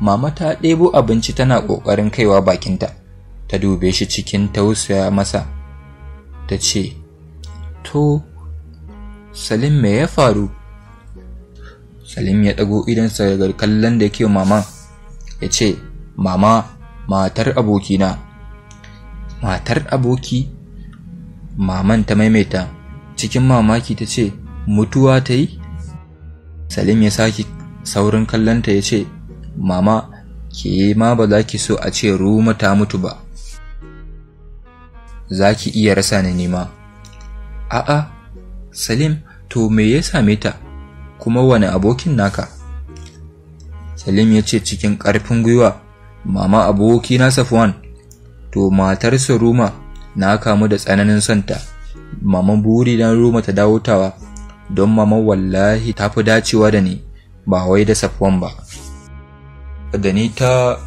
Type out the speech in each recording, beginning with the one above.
Mama ta ɗebo abinci tana ƙoƙarin kaiwa bakinta, ta dube shi cikin tausaya masa, ta ce, To, Salim me ya faru? Salim ya ɗago idansa daga kallon da ke maman, ya ce, Mama, matar abokina. Matar aboki? Maman ta maimaita, cikin mamaki ta ce, Mutuwa ta yi? Salim ya sake saurin kallonta ya ce, mama ke ma ba za ki so a ce ruma ta mutu ba za ki iya rasa ni nema a'a salim to me ya same ta kuma wani abokin naka salim ya ce cikin ƙarfin gwiwa mama aboki na safwan to matarsa ruma na kamu da tsananin santa Mama, buri na ruma ta dawo dawotawa don Mama, wallahi ta fi dacewa da ni ba wai da safwan ba da ni ta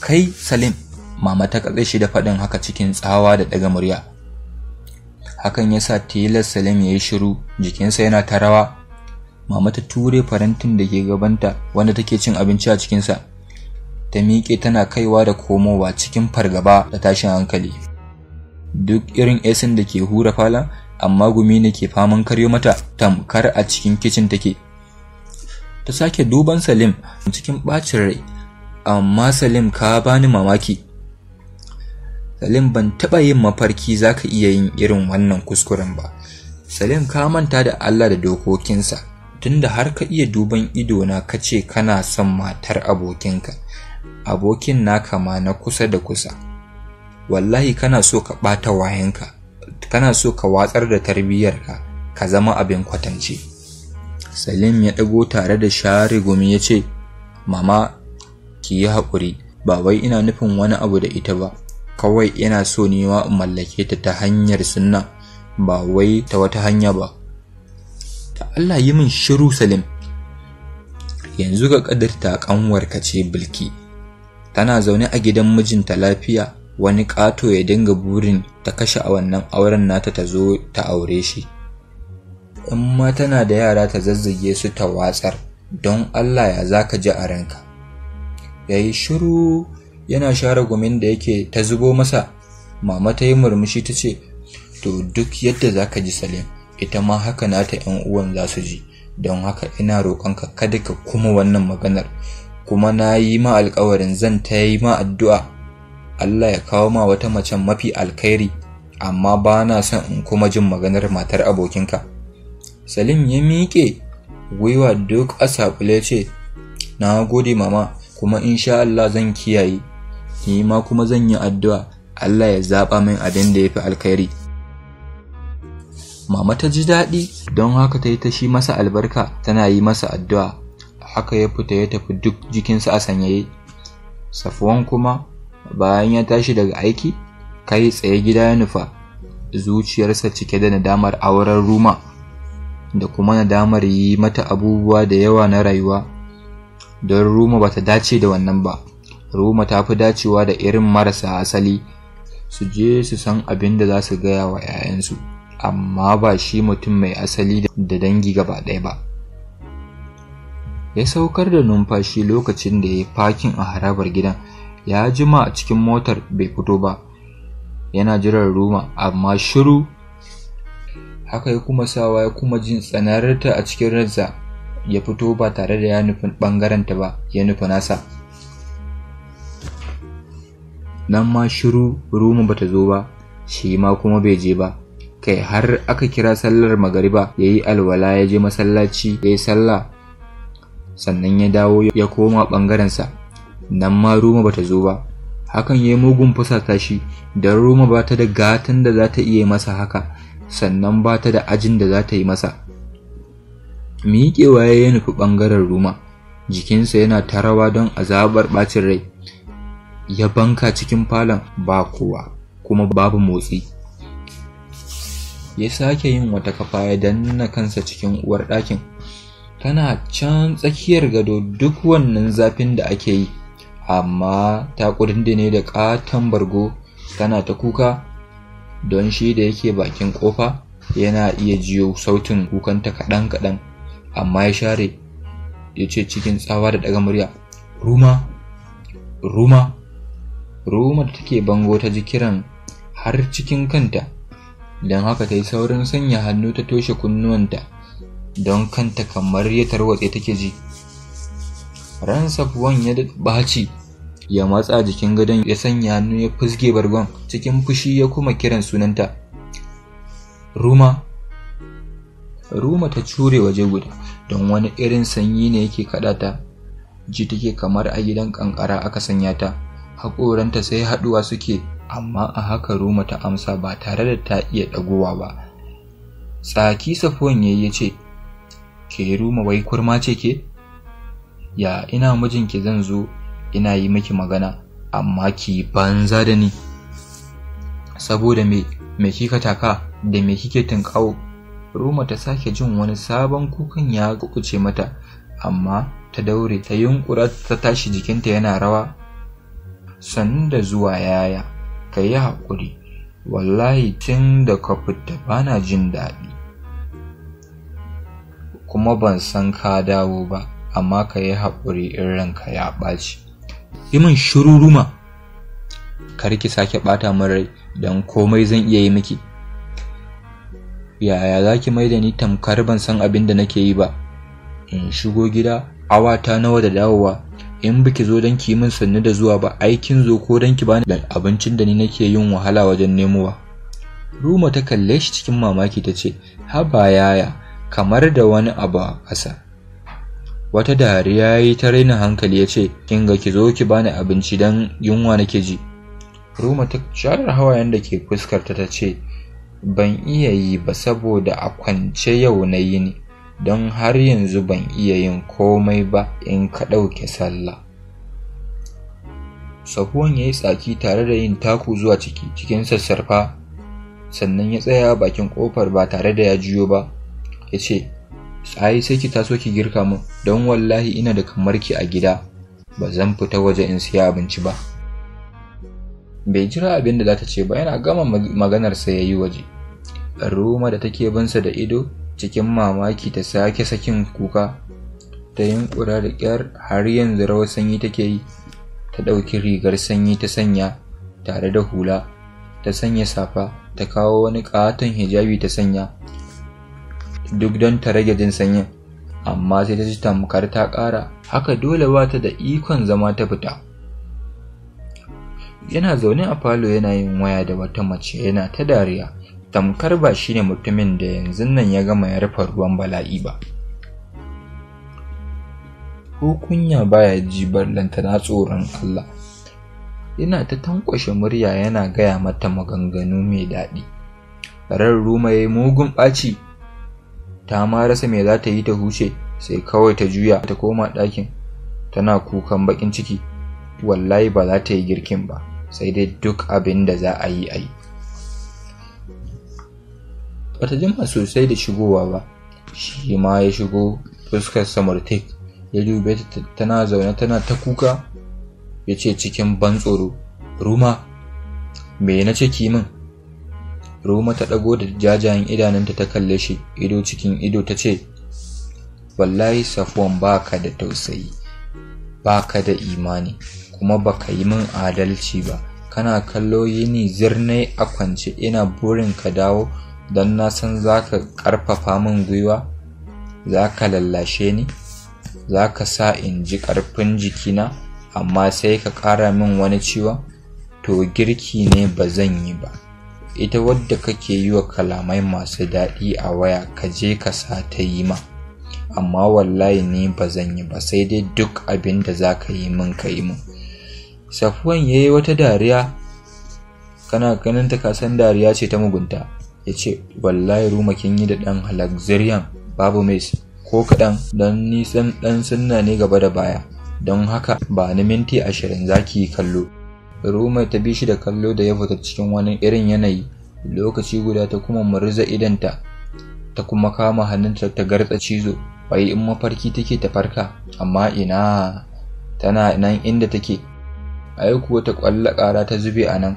kai salim mama ta katse shi da faɗin haka cikin tsawa da ɗaga murya hakan ya sa tilas salim ya yi shiru jikinsa yana ta rawa mama ta ture farantin da ke gabanta wanda take cin abinci a cikinsa ta miƙe tana kaiwa da komowa cikin fargaba da tashin hankali duk irin esin da ke hura falon amma gumi ne ke faman karyo mata tamkar a cikin kicin take ta sake duban Salim cikin ɓacin rai amma Salim ka bani mamaki Salim ban taɓa yin mafarki za ka iya yin irin wannan kuskuren ba Salim ka manta da Allah da dokokinsa tunda har ka iya duban idona ka ce kana son matar abokinka abokin naka ma na kusa da kusa wallahi kana so ka ɓata wayanka kana so ka watsar da tarbiyyarka ka zama abin kwatance Salim ya ɗago tare da share gumi ya ce, Mama, ki yi haƙuri, ba wai ina nufin wani abu da ita ba, kawai ina so ni ma in mallake ta ta hanyar sunna, ba wai ta wata hanya ba. Ta Allah yi min shiru Salim. Yanzu ka ƙadarta ƙanwarka ce bilki, tana zaune a gidan mijinta lafiya wani ƙato ya dinga burin ta kashe a wannan auren nata ta zo ta aure shi. in ma tana da yara ta zazzage su ta watsar don Allah ya za ka ji a ranka ya yi shiru yana share gumin da yake ta zubo masa mama ta yi murmushi ta ce to duk yadda za ka ji salim ita ma haka nata yan uwan za su ji don haka ina roƙonka kada ka kuma wannan maganar kuma na yi ma alkawarin zan ta yi ma addu'a Allah ya kawo ma wata macen mafi alkhairi amma ba na son in kuma jin maganar matar abokinka Salim ya miƙe gwiwa duk a saƙule ce, Na gode mama, kuma insha Allah zan kiyaye, ni ma kuma zan yi addu'a Allah ya zaɓa min abin da ya fi alkhairi. Mama ta ji daɗi don haka ta yi ta shi masa albarka tana yi masa addu'a, haka ya fita ya tafi duk jikinsa a sanyaye. Safuwan kuma bayan ya tashi daga aiki, kai tsaye gida ya nufa, zuciyarsa cike da nadamar auren ruma. da kuma nadamar yi mata abubuwa da yawa na rayuwa don ruma ba ta dace da wannan ba ruma ta fi dacewa da irin marasa asali su je su san abin da za su gaya wa 'ya'yansu amma ba shi mutum mai asali da dangi gaba ɗaya ba ya saukar da numfashi lokacin da ya yi fakin a harabar gidan ya jima a cikin motar bai fito ba yana jiran ruma amma shiru haka ya kuma sawa ya kuma jin tsanarta a cikin ransa ya fito ba tare da ya nufin bangaranta ba ya nufi nasa nan ma shiru ruma bata zo ba shi ma kuma bai je ba kai har aka kira sallar magariba ya yi alwala ya je masallaci ya yi sallah sannan ya dawo ya koma ɓangarensa nan ma ruma bata zo ba hakan ya yi mugun fusata shi don ruma ba ta da gatan da za ta iya masa haka sannan ba ta da ajin da za ta yi masa miƙewa ya nufi ɓangaren ruma jikinsa yana tarawa rawa don azabar ɓacin rai ya banka cikin falon ba kowa kuma babu motsi ya sake yin wata kafa ya danna kansa cikin uwar ɗakin tana can tsakiyar gado duk wannan zafin da ake yi amma ta ne da ƙaton bargo tana ta kuka don shi da yake bakin kofa yana iya jiyo sautin kukanta kaɗan kaɗan amma ya share ya ce cikin tsawa da daga murya ruma ruma ruma da take bango ta ji kiran har cikin kanta don haka ta yi saurin sanya hannu ta toshe kunnuwanta don kanta kamar ya tarwatse take ji Ransa, ya ɓaci ya matsa jikin gadon ya sanya hannu ya fusge bargon cikin fushi ya kuma kiran sunanta ruma ruma ta cure waje guda don wani irin sanyi ne yake kaɗa ta ji take kamar a gidan kankara aka sanya ta hakoranta sai haɗuwa suke amma a haka ruma ta amsa ba tare da ta iya ɗagowa ba tsaki safuwan ya ce ke ruma wai kurma ce ke ya ina mijinki zan zo ina yi miki magana amma ki banza da ni saboda me me kika taka da me kike tunkawo Roma ta sake jin wani sabon kukan ya kuce mata amma ta daure ta yunkura ta tashi jikinta yana rawa Sannan da zuwa yaya ka yi haƙuri wallahi tun da ka fita bana jin daɗi kuma ban san ka dawo ba amma ka yi haƙuri in ranka ya ɓaci yi min shiruruma kar ki sake bata min rai dan komai zan iya yi miki yaya za ki mai da ni tamkar ban san abin da nake yi ba in shigo gida awata nawa da dawowa in biki zo don ki min sannu da zuwa ba aikin zo ko don ki bani abincin da ni nake yin wahala wajen nemowa ruma ta kalle shi cikin mamaki ta ce haba yaya kamar da wani abu a ƙasa wata dariya ya yi ta raina hankali ya ce kin ga ki zo ki bani abinci dan yunwa nake ji ruma ta share hawayen da ke fuskarta ta ce ban iya yi ba saboda a kwance yau na yi ne don har yanzu ban iya yin komai ba in ka ɗauke sallah sahuwan ya yi tsaki tare da yin taku zuwa ciki cikin sassarfa sannan ya tsaya bakin kofar ba tare da ya jiyo ba ya ce ai sai ki taso ki girka min don wallahi ina da kamar ki a gida ba zan fita waje in siya abinci ba bai jira abin da za ta ce ba yana gama maganar sa yayi waje roma da take sa da ido cikin mamaki ta sake sakin kuka ta yunkura da kyar har yanzu rawar sanyi take yi ta ɗauki rigar sanyi ta sanya tare da hula ta sanya safa ta kawo wani ƙaton hijabi ta sanya duk don ta rage jin sanyin amma sai ta ji tamkar ta ƙara haka dole ba ta da ikon zama ta fita yana zaune a falo yana yin waya da wata mace yana ta dariya tamkar ba shine mutumin da yanzu nan ya gama ya rufe ruwan bala'i ba ko baya ji na tsoron Allah yana ta tankwashe murya yana gaya mata maganganu mai daɗi ran mai mugun ɓaci ta ma rasa me za ta yi ta huce sai kawai ta juya ta koma ɗakin tana kukan bakin ciki wallahi ba za ta yi girkin ba sai dai duk abin da za a yi a yi bata jima sosai da shigowa ba shi ma ya shigo fuskar samartik ya dube ta tana zaune tana ta kuka ya ce cikin ban tsoro ruma me na ciki min Roma ta ɗago da jajayen idanunta ta kalle shi ido cikin ido ta ce, Wallahi Safwan baka da tausayi, baka da imani, kuma baka yi min adalci ba. Kana kallo yini zirnai a kwance ina burin ka dawo don na san za ka ƙarfafa min gwiwa, za ka lallashe ni, za ka sa in ji ƙarfin jikina, amma sai ka ƙara min wani ciwon, to girki ne ba zan yi ba. ita wadda kake yi wa kalamai masu daɗi a waya ka je ka sa ta yi ma amma wallahi ni ba zan yi ba sai dai duk abin da za ka yi min ka yi min safuwan ya yi wata dariya kana ganin ta kasan dariya ce ta mugunta ya ce wallahi ruma kin yi da ɗan halagziriyan babu mes ko kaɗan don nisan ɗan sunna ne gaba da baya don haka ba ni minti ashirin za ki kallo Rumai ta bi shi da kallo da ya fita cikin wani irin yanayi, lokaci guda ta kuma murza idanta, ta kuma kama hannunta ta garza cizo, wai in mafarki take ta farka, amma ina tana nan inda take, ai kuwa ta ƙwalla kara ta zube a nan.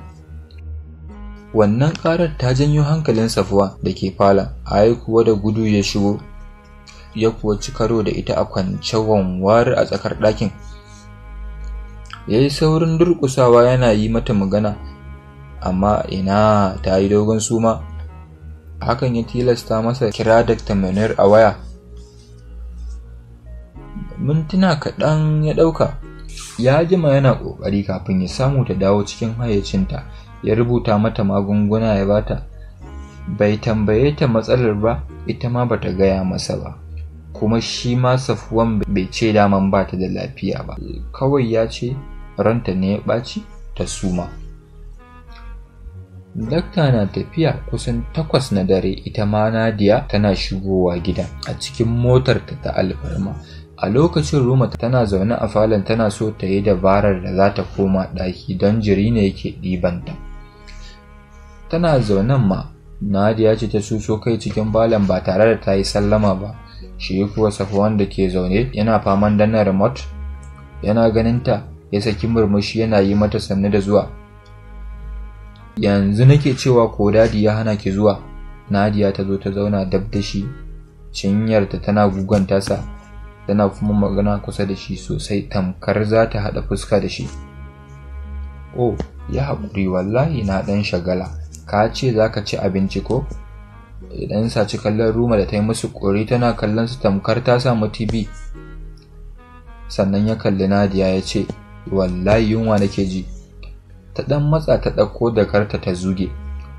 Wannan karar ta janyo hankalin safuwa da ke fala, ai kuwa da gudu ya shigo, ya kuwa ci da ita a kwancewan wari a tsakar ɗakin. ya yi saurin durƙusawa yana yi mata magana amma ina ta yi dogon suma hakan ya tilasta masa kira Dr. Munir a waya mintuna kaɗan ya ɗauka ya jima yana ƙoƙari kafin ya samu ta dawo cikin hayyacinta ya rubuta mata magunguna ya bata bai tambaye ta matsalar ba ita ma bata gaya masa ba kuma shi ma safuwan bai ce daman bata da lafiya ba kawai ya ce ranta ne ya ɓaci ta suma Dakta na tafiya kusan takwas na dare ita ma Nadia tana shigowa gida a cikin motarta ta alfarma. A lokacin Roma, tana zaune a falon tana so ta yi dabarar da za ta koma ɗaki don jiri ne yake ɗibanta. Tana zaunen ma Nadia ce ta suso kai cikin falon ba tare da ta yi sallama ba. Shi kuwa safuwan da ke zaune yana faman dana remote yana ganin ta ya saki murmushi yana yi mata sannu da zuwa yanzu nake cewa ko dadi ya hana ki zuwa nadiya ta zo ta zauna dab da shi cinyarta tana guganta tasa tana kuma magana kusa da shi sosai tamkar za ta haɗa fuska da shi oh ya haƙuri wallahi na ɗan shagala ka ce za ka ci abinci ko idan saci kallon ruma da ta yi musu ƙori tana kallon su tamkar ta samu tv sannan ya kalli nadiya ya ce wallahi yunwa nake ji ta ɗan matsa ta ɗauko da karta ta zuge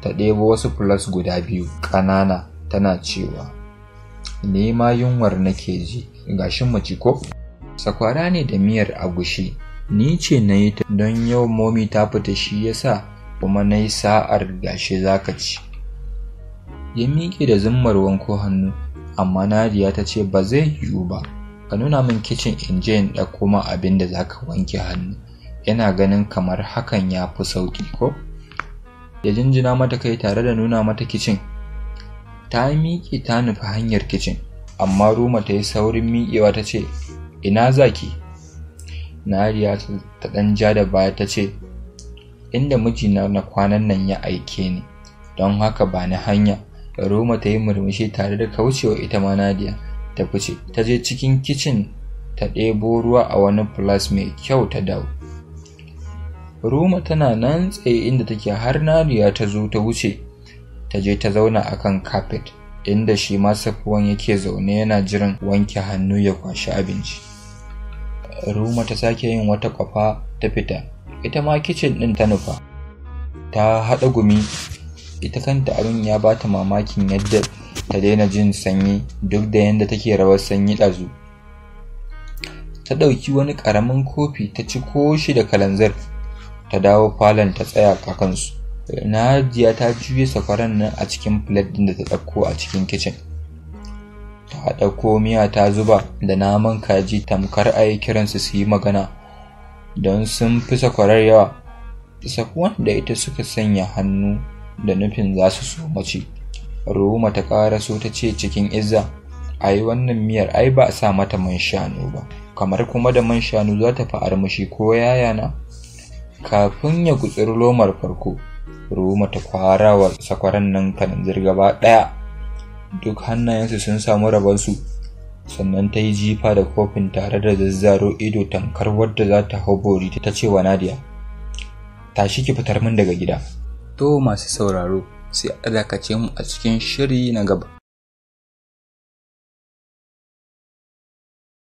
ta ɗebo wasu plus guda biyu ƙanana tana cewa nema yunwar nake ji gashin mace ko sakwara ne da miyar agushi ni ce na yi ta don yau momi ta fita shi yasa kuma na yi sa'ar gashi zaka ci ya miƙe da zummar wanko hannu amma nadiya ta ce ba zai yiwu ba ka nuna min kicin in je in ɗauko ma abin da za ka wanke hannu yana ganin kamar hakan ya fi sauƙi ko ya jinjina mata kai tare da nuna mata kicin ta miƙe ta nufi hanyar kicin amma ruma ta yi saurin miƙewa ta ce ina zaki nariya ta ɗan ja da baya ta ce inda mijina na kwanan nan ya aike ni don haka ba ni hanya roma ta yi murmushi tare da kaucewa ita ma nadiya ta fice ta je cikin kicin ta ɗebo ruwa a wani flas mai kyau ta dawo ruma tana nan tsaye inda take har nariya ta zo ta wuce ta je ta zauna akan kafet inda shi ma safuwan yake zaune yana jiran wanke hannu ya kwashi abinci ruma ta sake yin wata kwafa ta fita ita ma kicin ɗin ta nufa ta haɗa gumi ita kanta abin ya bata mamakin yadda ta daina jin sanyi duk da yadda take rawar sanyi ɗazu ta ɗauki wani ƙaramin kofi ta ci shi da kalanzir ta dawo falon ta tsaya a kansu Nadiya ta juye safaran nan a cikin plate da ta ɗauko a cikin kicin ta ɗauko miya ta zuba da naman kaji tamkar a yi kiransu su yi magana don sun fi sakwarar yawa sakuwan da ita suka sanya hannu da nufin za su so mace roma ta ƙaraso ta ce cikin izza, ai wannan miyar ai ba a sa mata man shanu ba, kamar kuma da man shanu za ta fi armashi ko yayana. Kafin ya gutsir lomar farko, roma ta kwara wa sakwaran nan kananzir gaba ɗaya. Duk hannayensu sun samu rabansu, sannan ta yi jifa da kofin tare da zazzaro ido tankar wadda za ta hau bori ta ce wa Nadia, tashi ki fitar min daga gida. To masu sauraro, sai a dakace mu a cikin shiri na gaba.